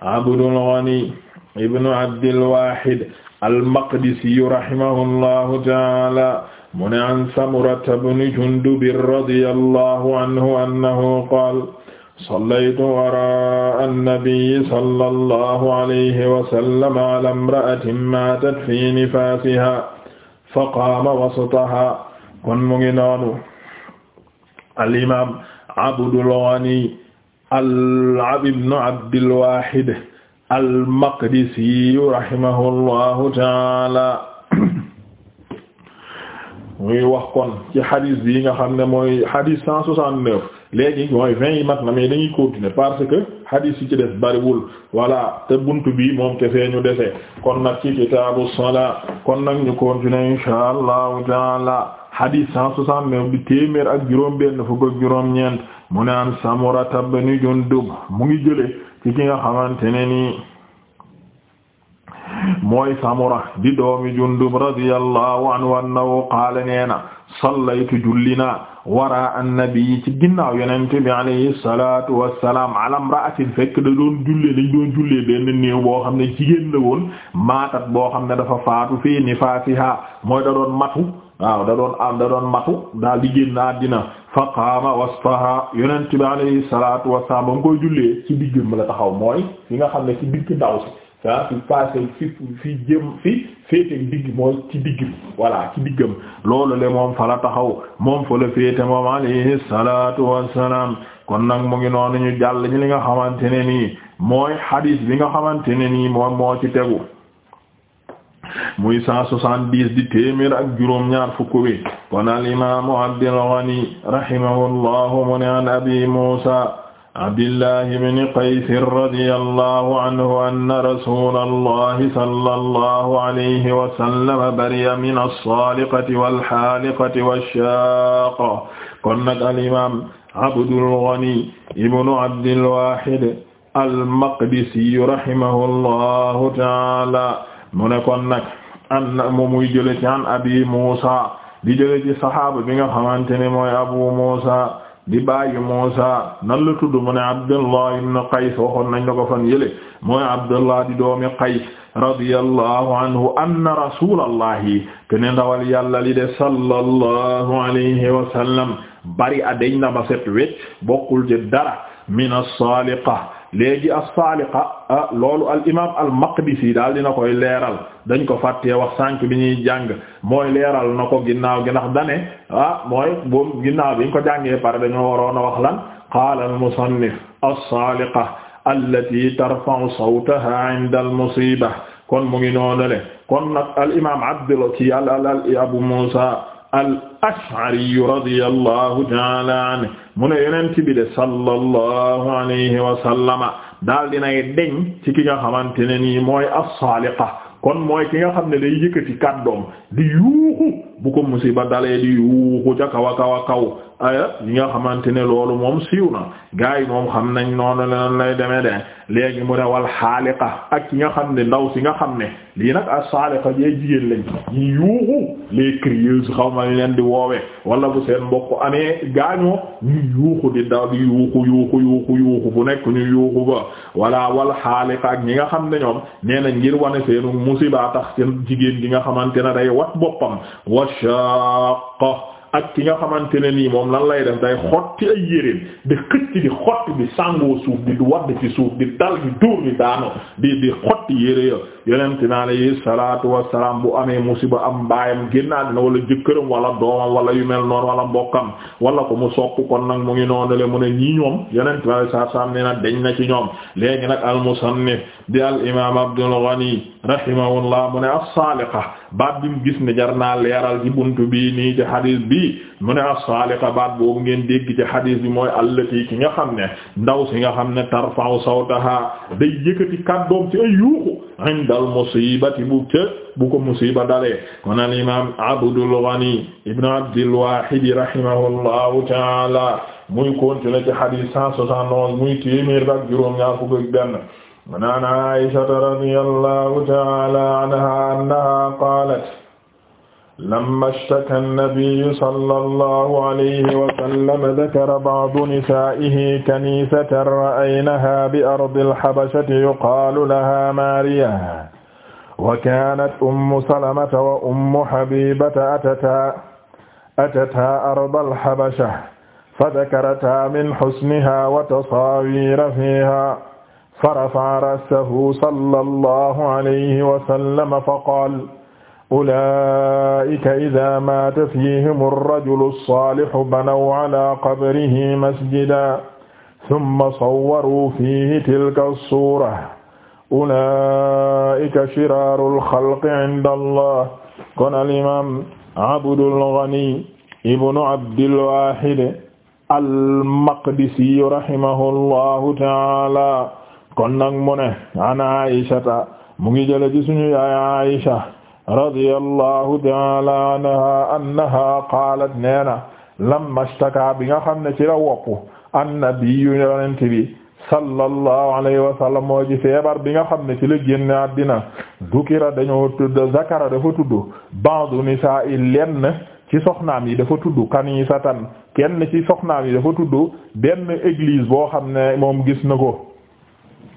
Abdul Ghani ibnu Abdil Wahid al-Maqdisi rahimahullahu ta'ala mu ne an Samurata bni Jundub radiyallahu anhu annahu qaala sallaytu waraa an-nabiyyi sallallahu alayhi wa sallam ala imra'atin maatat fi nifaasihaa faqaama wasatahaa kon mu ngi noonu al-imaam Abdul Ghani al-Abi ibn Abdil Wahid al-Maqdisi rahimahullahu ta'ala muy wax kon ci hadis bi nga xam ne mooy hadis cent soixante neuf léegi mooy vingt yi mat na mais dañuy continuer parce que hadis yi ci des bariwul wala te bunt bi moom kese ñu dese kon nag ci kitaabu salaa kon nag ñu continuer insha allahu taala hadis cent soixante neuf bi téeméer ak juróom-benn fukk ak juróom-ñeent mu ne an Samurata ibn Jundub mu ngi jële ci ki nga xamante ne nii. mooy samura di doomi jundub radiyallahu anhu annahu qaala neena sallaytu jullina wara annabi ci ginnaaw yonente bi alayhi salatu wasalaam ala imra'atin fekk da doon jullee dañ doon jullee benn néew boo xam ne jigéen la woon maatat boo xam ne dafa faatu fii nifaasiha mooy da doon matu waaw da doon am da doon matu daal di génn àddina fa qaama wasfaha yonente bi alayhi salatu wasalaam ba mu koy jullee ci digg ma la taxaw mooy fi nga xam ne ci digg ndaw si ah fi passé fi fi jëm fi féeteeg digg mooy ci digg voilà ci diggam loolu le moom fala taxaw moom fa la féete moom alayhi salaatu wassalaam kon nag mu ngi noonu ñu jàll li nga xamante ne nii mooy hadis bi nga xamante ne nii moom moo ci tegu muy cent soixante-dix di téeméer ak juróom ñaar fukk wi kon al imaamu Abdul Ghani rahimahullahu mu ne an abdillahi bni qaysin radiyallahu anhu anna rasulallahi sallallahu alayhi wa sallam bariya mina saaliqati wal haaliqati wash-shaaqa kon nag al-imaam Abdul Ghani ibnu Abdil Waahid al-Maqdisi rahimahullahu ta'aala mu ne kon nag an mu muy jële ci an Abi Muusa di jële ci saxaaba bi nga xamante ne mooy Abu Muusa di bàyyi Muusa nan la tudd mu ne Abdullah ibn Qays waxoon nañ la ko fan yële mooy Abdullah di doomi Qays radiyallahu anhu anna rasulallahi kene ndawal yàlla li de sallallahu alayhi wa sallam bari a deñ na ba set bokkul ci dara min as léegi as-saaliqa ah loolu al imaam al maqdisi daal dina koy leeral dañ ko fàttee wax sànk bi ñuy jàng mooy leeral na ko ginnaaw gi ndax dane ah mooy boobu ginnaaw bi ñu ko jàngee pare dañoo waroon a wax lan qaala al musannif as-saaliqa allati tarfa'u sawtaha 'inda al musiba kon mu ngi noonale kon nag al imaam abu musa al-Ash'ari radiyallahu ta'ala anhu mu ne yonent bi de sallallahu alayhi wa sallama daal dinay deñ ci ki nga xamante ne nii mooy as-saaliqa kon mooy ki nga xam ne day yëkkati kàddoom di yuuxu bu ko musiba dalee di yuuxu ca kaw a kaw a kaw aya ñi nga xamante ne loolu moom siw na gars yi moom xam nañ noonu leen lay demee de léegi mu ne wal xaaliqa ak nga xam ne ndaw si nga xam ne lii nag as-saaliqa yee jigéen lañ ñi yuuxu les crieuses xaw ma leen di woowe wala bu seen mbokk amee gaañoo ñu yuuxu di daw di yuuxu yuuxu yuuxu bu nekk ñu yuuxu ba wala wal xaaliqa ak ñi nga xam ne ñoom nee na ngir wane seenu musiba tax seen jigéen gi nga xamante ne day wat boppam wa shaqqa ak ki nga xamante ne nii moom lan lay def day xotti ay yéreem di xëcc di xotti di sàngoo suuf di wadd ci suuf di dal di dóor di daano di di xotti yére ya yonente alayhi salaatu wassalaam bu amee musiba am mbaayam génnaat na wala jëkkëram wala doomam wala yu mel noonu wala mbokkam wala ko mu soq kon nag mu ngi noonule mu ne ñii ñoom yonente ni alayhi na deñ na ci ñoom léegi nag al musannif di al imaam Abdul Ghani rahimahullah baat bi mu gis ne jar naa leeral ci buntu bii nii ci xadis bi mu ne as-saaliqa baat boobu ngeen dégg ci xadis bi mooy allati ki nga xam ne ndaw si nga xam ne tarfa'u sawtaha day yëkkati kàddoom ci ay yuuxu indal musibati bu ca bu ko musiba dalee kon al imam Abdul Ghani ibn Abdil Wahid rahimahullahu ta'ala muy continuer ci xadis cent soixante-onze muy téeméer ak juróom ñaar fukk ak benn mu naan aishata radiyallahu taala anha annaha qaalat lamma ishtaka annabiyu sallallahu alayhi wa sallam dakara ba'du nisaa'ihi kaniisatan ra'aynahaa bi ardil habashati yuqaalu lahaa maariya wa kaanat ummu salamata wa ummu habibata atataa atataa ardal habasha fadakarataa min husnihaa wa tasaawiira fiihaa فرفع رأسه صلى الله عليه وسلم فقال أولئك إذا مات فيهم الرجل الصالح بنوا على قبره مسجدا ثم صوروا فيه تلك الصورة أولئك شرار الخلق عند الله kon الإمام عبد الغني ابن عبد الواحد المقدسي رحمه الله تعالى kon nag mu ne an aishata mu ngi jële ci suñu yaay aisha radiyallahu ta'ala anha annaha neena lamma shtaka bi nga xam ne ci la woppu annabiyu yonent bi sallallahu alayhi wa sallam moo ji feebar bi nga xam ne ci la génne àddina dukira dañoo tudd zakara dafa tudd ba'du nisaa'i lenn ci soxnaam yi dafa tudd kanisatan kenn ci soxnaam yi dafa tudd benn église boo xam ne moom gis na ko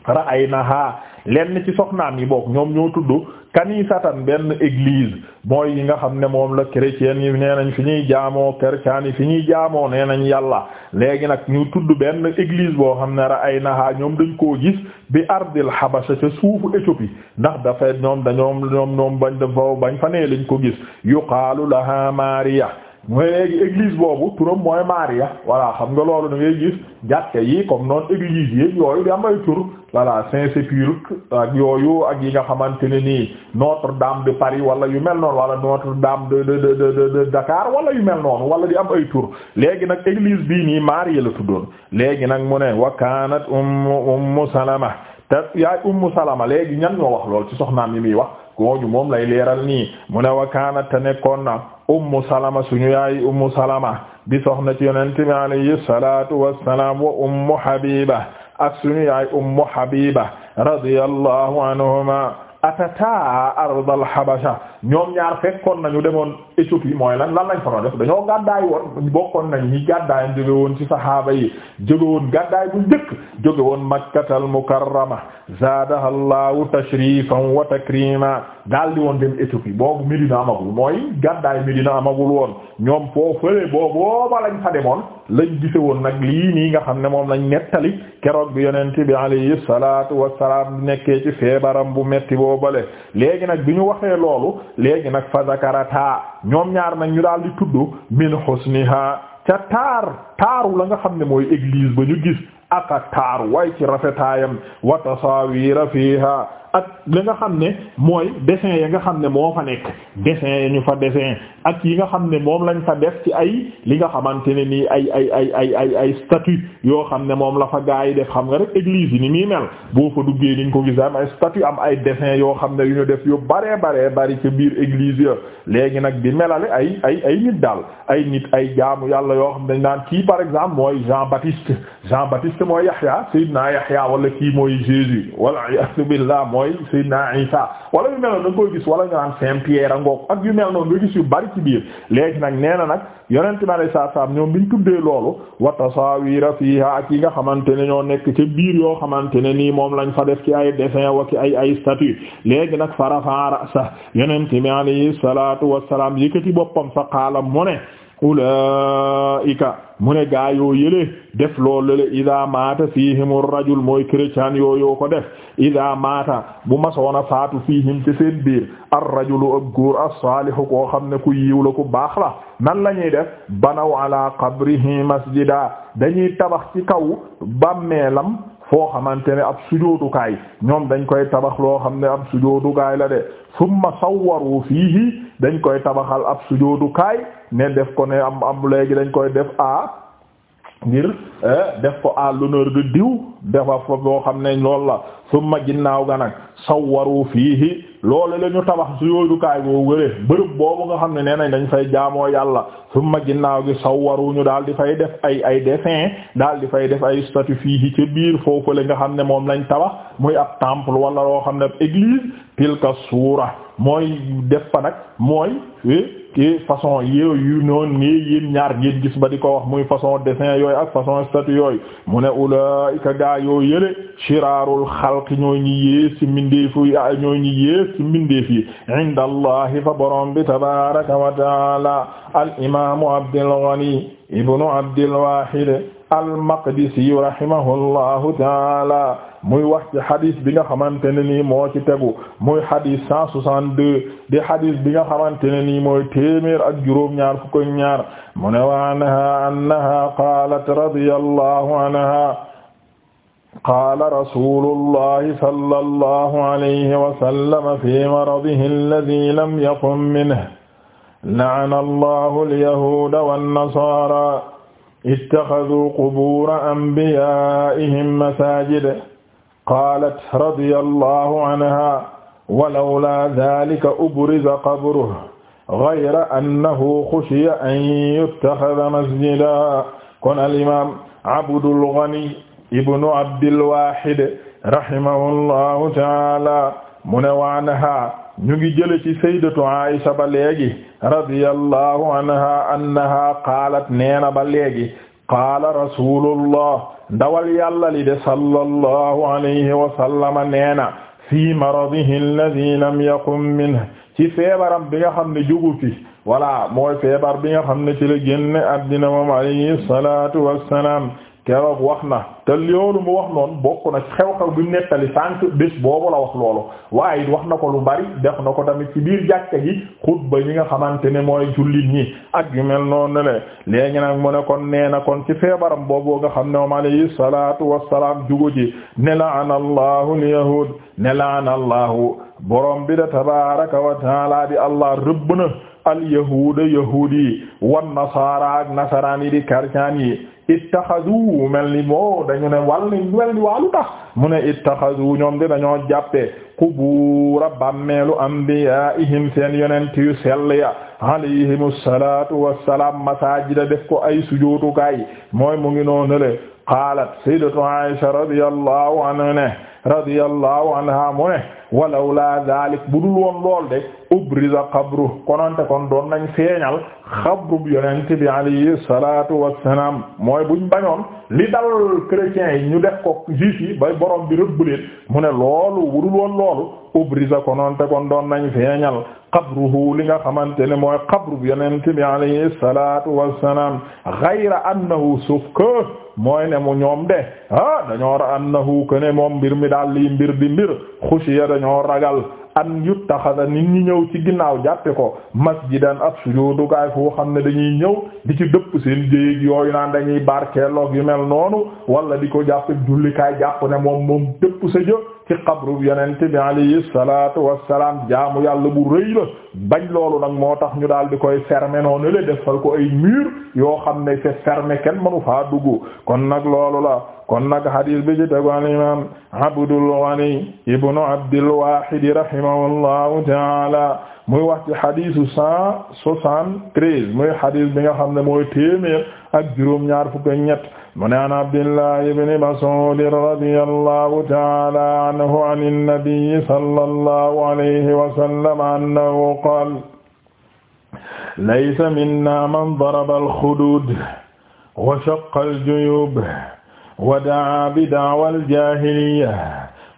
ra'aynaha lenn ci soxnaam yi bokk ñoom ñoo tudd kanisatan benn église mooy yi nga xam ne moom la chrétien yi nee nañ fi ñuy jaamoo chrétien yi fi ñuy jaamoo nee nañ yàlla léegi nag ñu tudd benn église boo xam ne ra'aynaha ñoom dañ koo gis bi ardil habasha ca suufu Éthiopie ndax dafa ñoom dañoom ñoom ñoom bañ dafa bañ fa nee lañ ko gis yuqaalu laha Maria mooy léegi église boobu turam mooy Maria voilà xam nga loolu da ngay gis jàkke yi comme noonu église yi yooyu di voilà Saint-Sépulcre ak yooyu ak yi nga xamante ne nii Notre-Dame de Paris wala yu mel noonu wala Notre-Dame de de de de Dakar wala yu mel noonu wala di am ay tur léegi nag église bii nii yi la tuddoon léegi nag mu ne wa kanat ummu ummu Salama te yaay ummu Salama léegi ñan ñoo wax lool ci soxnaam yi muy wax gooñu moom lay leeral nii mu ne wa kanat te nekkoon na ummu Salama suñu yaay ummu Salama di soxna ci yonent bi alayhi salaatu wassalaam ak suñu yaay ummu habiba radiyallahu anhuma atata ardal habasha ñoom ñaar fekkoon nañu demoon Éthiopie mooy lan lan lañ fa def dañoo gàddaay woon bokkoon nañ ñi gàddaayam jóge woon ci sahaaba yi jóge woon bu njëkk jóge woon makkatal mukarrama zaadaha llahu tashrifan wa takrima daal di woon dem boobu Médina amagul mooy gàddaay Médina amagul woon ñoom foo fële boobu booba lañ fa demoon lañ gise woon nag lii nii nga xam ne moom lañ nettali keroog bi yonent bi alayhi salaatu wassalaam nekkee ci feebaram bu metti boobale léegi nag bi ñu waxee loolu léegi nag fa zakarata ñoom ñaar nag ñu daal di tudd min husniha ca taar taaru la nga xam ne mooy église ba ñu gis aka taar way ci rafetaayam wa tasawira fiha ak li nga xam ne mooy dessin ya nga xam ne moo fa nekk dessin yee ñu fa desin ak yi nga xam ne moom lañ fa def ci ay li nga xamante ne nii ay ay ay ay ay ay statue yoo xam ne moom la fa gaa yi def xam nga rek église yi ni muy mel boo fa duggee niñ ko gis am ay statue am ay dessin yoo xam ne yu ñu def yu baree baree bari ci biir église ya léegi nag di melale ay ay ay nit ay nit ay jaamu yàlla yoo xam ne dañ naan kii par exemple mooy Jean Baptiste Jean Baptiste mooy Yahya Seydina Yahya wala kii mooy Jésus wala billah mooy Seydina Isa wala yu mel noonu nga koy gis wala ñu naan Saint Pierre a ngoog ak yu mel noonu nga gis yu bari ci biir léegi nag nee na nag yonent bi alayhi salaatu ñoom bi ñu tuddee loolu wa tasawira fiha ak yi nga xamante ne ñoo nekk ci biir yoo xamante ne nii moom lañ fa def ci ay dessin wa ci ay ay statue léegi nag farafaara sax yonent bi alayhi salaatu wassalaam yëkkati boppam fa qaala mu ne ulaika mu ne gaa yoo yële def loolu le ida mata fihimu rajul mooy chrétien yooyu ko def ida mata bu masoona faatu fihim ci seen biir ar rajulu ab góor as-saalihu koo xam ne ku yiw la ku baax la nan la ñuy def banaw ala qabrihi masjida dañuy tabax ci kaw bàmmeelam foo xamante ne ab sujootukaay ñoom dañ koy tabax loo xam ne ab sujootukaay la de summa sawwaru fiihi dañ koy tabaxal ab sujootukaay ne def ko ne am am léegi dañ koy def a ngir eh, def ko à l'honneur de diw dafa fa boo xam ne loolu la summa ginnaaw ga nag sawwaru fiihi loolu la ñu tabax su yooydukaay boobu wëree bërëb boobu nga xam ne nee nañ dañ fay jaamoo yàlla summa ginnaaw gi sawwaru ñu daal di fay def ay ay dessin daal di fay def ay statue fiihi ci biir foofu la nga xam ne moom lañ tabax muy ab temple wala loo xam ne ab église tilka suura mooy def fa nag mooy eh, ki façon yooyu noonu nii yéen ñaar ngeen gis ba di ko wax muy façon dessin yooyu ak façon statue yooyu mu ne ulaika gaa yoo yële shiraarul xalq ñoo ñi yées ci mbindeef yi ñoo ñi yées ci mbindeef yi inda allahi fa borom bi tabaraka wa taala al imamu abdul ghani ibnu abdil wahid al maqdisi rahimahullahu taala muy wax ci xadis bi nga xamante ne nii moo ci tegu muy xadis cent soixante-deux di xadis bi nga xamante ne nii mooy téeméer ak juróom-ñaar fukk ak ñaar mu ne wa anha annaha qaalat radiyallahu anha qaala rasulullahi sallallahu alayhi wa sallam fi maradihi alladhi lam yaqum minhu la'ana allahu alyahuuda wannasaara ittaxaduu qubuura anbiyaa'ihim masaajida qaalat radiyallahu anha walawlaa daalika ubriza qabruhu ghayra annahu xushiya an yuttaxaza masjidan kon al-imaam Abdul Ghani ibnu Abdil Waahid rahimahullahu ta'aala mu ne wa anhaa ñu ngi jële ci sayyidatu Aisha ba léegi radiyallahu anha annahaa qaalat neena ba léegi qaala rasuulullah ndawal yàlla li de sallallahu alayhi wa sallama neena fi maradihi alladhi lam yaqum minhu ci feebaram bi nga xam ne jugu fi wala mooy feebar bi nga xam ne ci la génn addina moom alayhi salatu wassalam keroog wax na te loolu mu wax noonu bokk na xew-xew bi mu nettali sànq bés boobu la wax loolu waaye wax na ko lu bari def na ko tamit ci biir jàkka gi xutba ñi nga xamante ne mooy jullit ñi ak gi mel noonu ne le léegi nag mu ne kon nee na kon ci feebaram boobu nga xam ne moom alayhi salaatu wassalaam jugu ji ne la'ana allahu al-yahuud ne la'ana allahu borom bi da tabaaraka wa taala di allah rëbb na al wan nasaara ak nasaraan yi di karcaan yi ittaxadu mel ni moo dañu ne wàll ni mel ni waalu tax mu ne ittaxadu ñoom de dañoo jàppee qubuura bàmmeelu anbiyaa'ihim seen yonent yu sell ya alayhimu salaatu wassalaam masaajida def ko ay sujootukaay mooy mu ngi noonu le qaalat sayyidatu Aisha radiyallahu anha radiyallahu anha mu ne walawla dalik bu dul woon lool de ubriza xabru kononte kon doon nañ feeñal xabru yonent bi alayhi salatu wassalam mooy buñ bañoon li dal chrétiens yi ñu def ko yi ba borom bi rëbb leen mu ne loolu wurul woon loolu ubrisa konoon te kon doon nañ feeñal qabruhu li nga xamante ne mooy qabru bi yonent bi alayhi salaatu wassalaam ghayra annahu suuf kë mooy ne mu ñoom de ah dañoo annahu këne moom mbir mi daal lii mbir di mbir xushiya dañoo ragal an yuttaxada nit ñi ñëw ci ginnaaw jàppe ko masjidan ab sujudukaay foo xam ne dañuy ñëw di ci dëpp seen jéyég yooyu naan dañuy barke barkeeloog yu mel noonu wala di ko jàppe jullikaay jàpp ne moom moom dëpp sa jë ci xabru yonent bi alayhi salaatu wassalaam jaamu yàlla bu rëy la bañ loolu nag moo tax ñu daal di koy fermer noonu la defal ko ay mur yoo xam ne c'est fermé kenn mënu faa dugg kon nag loolu la kon nag hadis bi ci tegu al imam Abdul Ghani ibnu Abdil Wahid rahimahullahu taala muy wax ci xadiisu cent soixante-treize muy xadiis bi nga xam ne mooy téeméer ak juróom ñaar fukk ak ñett mu ne an Abdillah ibn Mas'ud radiyallahu ta'ala anhu an an-nabi sallallahu alayhi wa sallam annahu qaala laysa minna man daraba al-xuduud wa shaqqa al-juyuub wa da'aa bi da'wa al-jaahiliyya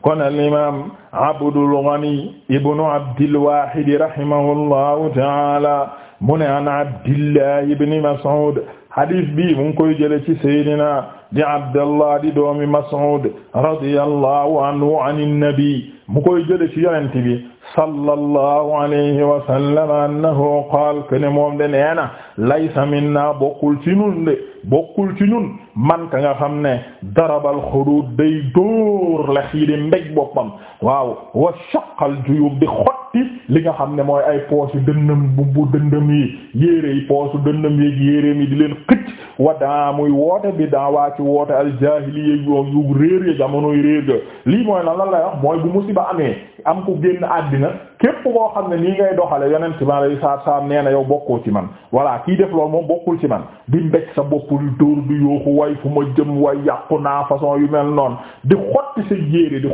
kon al-imaam Abdul Ghani ibnu Abdil Wahid rahimahullahu ta'ala mu ne an Abdillah ibni Mas'ud hadis bi mu ngi koy jële ci Seydina di Abdallah di doomi Mas'ud radiyallahu anhu anin nabi mu koy jële ci yonent bi sallallahu alayhi wa sallam annahu qaala kene moom de neena laysa minna bokkul ci nun de bokkul ci ñun man ka nga xam ne darabal xuduud day dóor lex yi di mbéj boppam waaw wa shaqal juyub di xot fàtti li nga xam ne mooy ay poche yu dëndëm bu bu dëndëm yi yére yi poche yu dëndëm yeeg yére mi di leen xëcc wa daa muy woote bi daa waa ci woote al jaahiliya yu réer ya jamonoy réer ga lii mooy na la lay wax mooy bu musiba amee am ku génn àddina képp koo xam ne nii ngay doxale yonent si alayhi salaatu salaam nee na yow bokkoo ci man voilà kii def loolu moom bokkul ci man di mbéj sa bopp lu dóor du yooxu way fu ma jëm way yàqu naa façon yu mel noonu di xotti sa yér di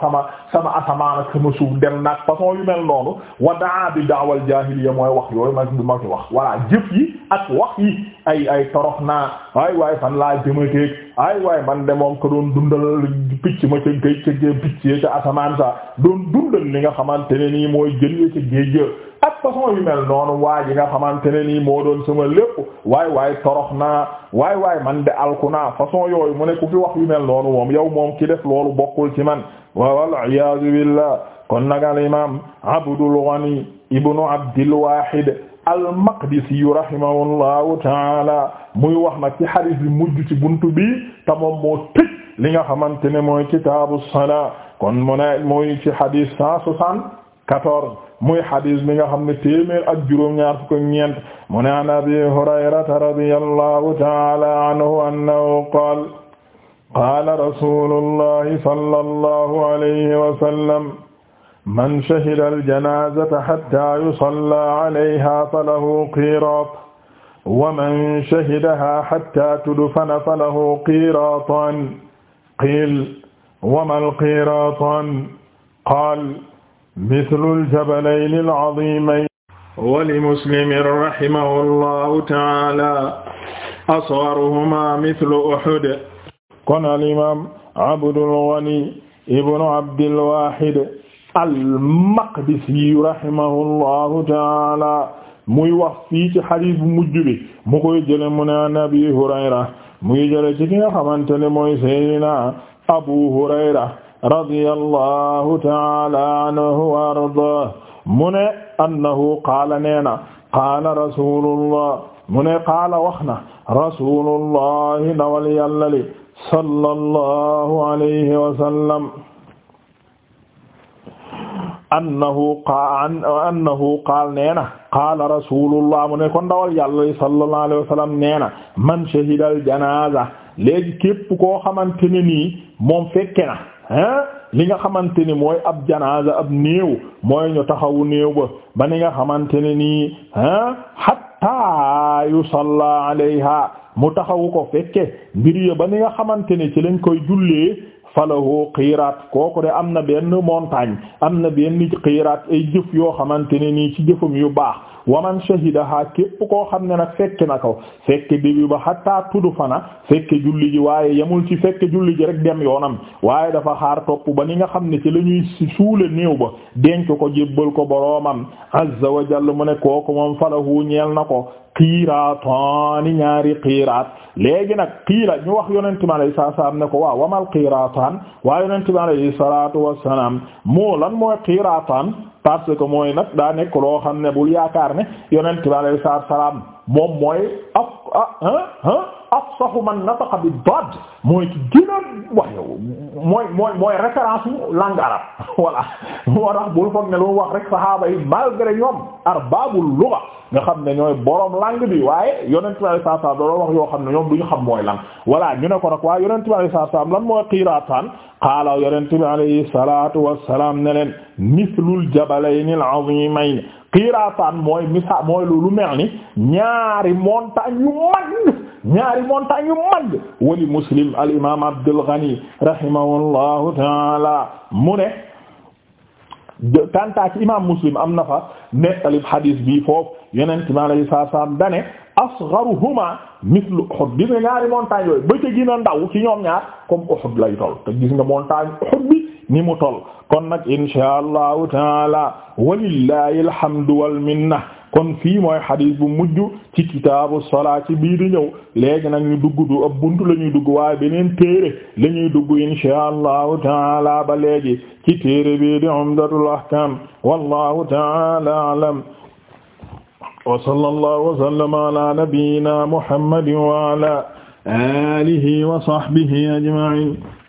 sama sama asamaan ak sama suuf dem nag façon yu mel noonu wa bi daawal jaahiliya mooy wax yooyu ma du ma ci wax voilà jëf yi ak wax yi ay ay torox naa ay waay fan laa jëmateeg ay waay man de moom ko doon dundal picc ma ca géej ca picc ca asamaan saa doon dundal li nga xamante ne nii mooy jën ca géej ak façon yu waa ji nga xamante ne nii moo doon sama lépp waay waay torox naa waay waay man de alku naa façon yooyu mu ne ku fi mel noonu moom yow moom ki def loolu bokkul ci man wal iyaadu billah kon nag al imam Abdul Ghani ibnu Abdil Wahid al-Maqdisi rahimahullahu taala muy wax nag ci hadith bi mujj ci buntu bi te moom moo tëj li nga xamante ne mooy kitaabu salaa kon mu ne mooy ci hadith cent soixante-quatorze muy xadis bi nga xam ne téeméer ak juróom-ñaar fukk ak ñeent mu ne an abi hurayrata radiyallahu taala anhu annahu qaala qaala rasulullahi sallallahu alayhi wa sallam man shahida aljanazata hatta yusalla alayha falahu qirat wa man shahidaha hatta tudfana falahu qiratan qila wa mal qiratan qala mislul jabalayni al-azimayni wali muslimin rahimahullahu ta'ala asgharuhuma mislu uhud kon al-imam Abdul Ghani ibnu Abdil Wahid al-Maqdisi rahimahullahu ta'ala muy wax fii ci xadiis bu mujj bi mu koy jële mu ne an Abi Hurayra muy jële ci ki nga xamante ne mooy Seydina Abu Hurayra radiyallahu ta'ala anhu wa ardaah mu ne annahu qaala neena qaala rasulullah mu ne qaala wax na rasulullahi ndawal yàlla li sallallahu alayhi wa sallam annahu qaala annahu qaala neena qaala rasulullah mu ne kon ndawal yàlla li sallallahu alayhi wa sallam neena man shahidal janaaza léegi képp koo xamante ne nii moom fekke na li nga xamante ni mooy ab janaasa ab néew mooy ñu taxawu néew ba ba ni nga xamante ne nii hatta yusalla alayha mu taxawu ko fekke mbir ya ba ni nga xamante ne ci lañ koy jullee falahu xiiraat kooku de am na benn montagne am na benn xiiraat ay jëf yoo xamante ne nii ci jëfam yu baax waman shahidaha képp koo xam ne nag fekk na ko fekk début ba hatta tudd fana fekk julli ji waaye yemul ci fekk julli ji rek dem yoonam waaye dafa xaar topp ba ni nga xam ne ci la ñuy suule néew ba denc ko jébbal ko boroomam azza wa jalla mu ne kooku moom falahu ñeel na ko qiiraataani ñaari qiiraat léegi nag qiila ñu wax yonent bi alayhi salaatu salaam ne ko waaw wamal qiiraataan waa yonent bi alayhi salaatu wassalaam moo lan mooy qiiraataan parce que mooy nag daa nekk loo xam ne bul yaakaar ne yonent bi alayhi salaatu salaam moom mooy a ah ah, ah afsahu man nataqa bi dad mooy ki gën a wax yow mooy mooy mooy référence mu langue arabe voilà moo tax bul foog ne lu wax rek sahaaba yi malgré ñoom arbaabul lugha nga xam ne ñooy borom langue bi waaye yonent bi alayhi salaam doon wax yoo xam ne ñoom du ñu xam mooy lan voilà ñu ne ko nag waaye yonent bi alayhi salaam lan mooy qiraataan qaala yonent bi alayhi salaatu wassalaam ne leen mislul jabalayni al-azimayni qiraataan mooy misa mooy lu mel ni ñaari montagne yu mag ñaari montagne yu mag wali muslim al imam Abdul Ghani taala mu ne kantaa ci muslim am na fa nettali hadis bi foofu yeneen mi alayi saat salam dane asgharuhuma mithlu Uhud gis nga ñaari montagne yooyu ba ca daw a ci ñoom ñaar comme Uhud lay toll nga montagne Uhud bi ni mu toll kon nag insha allahu taala walillahi alhamdu wal minna kon fii mooy xadis bu mujj ci kitaabu solaa ci bii di ñëw léegi nag ñu dugg du ab buntu la ñuy dugg waaye beneen téere la ñuy dugg insha allahu taala ba léegi ci téere bii di umdatul ahkam wallahu taala alam wa sallallahu wa sallama ala nabiyyina muhammadin wa ala alihi wa sahbihi ajma'in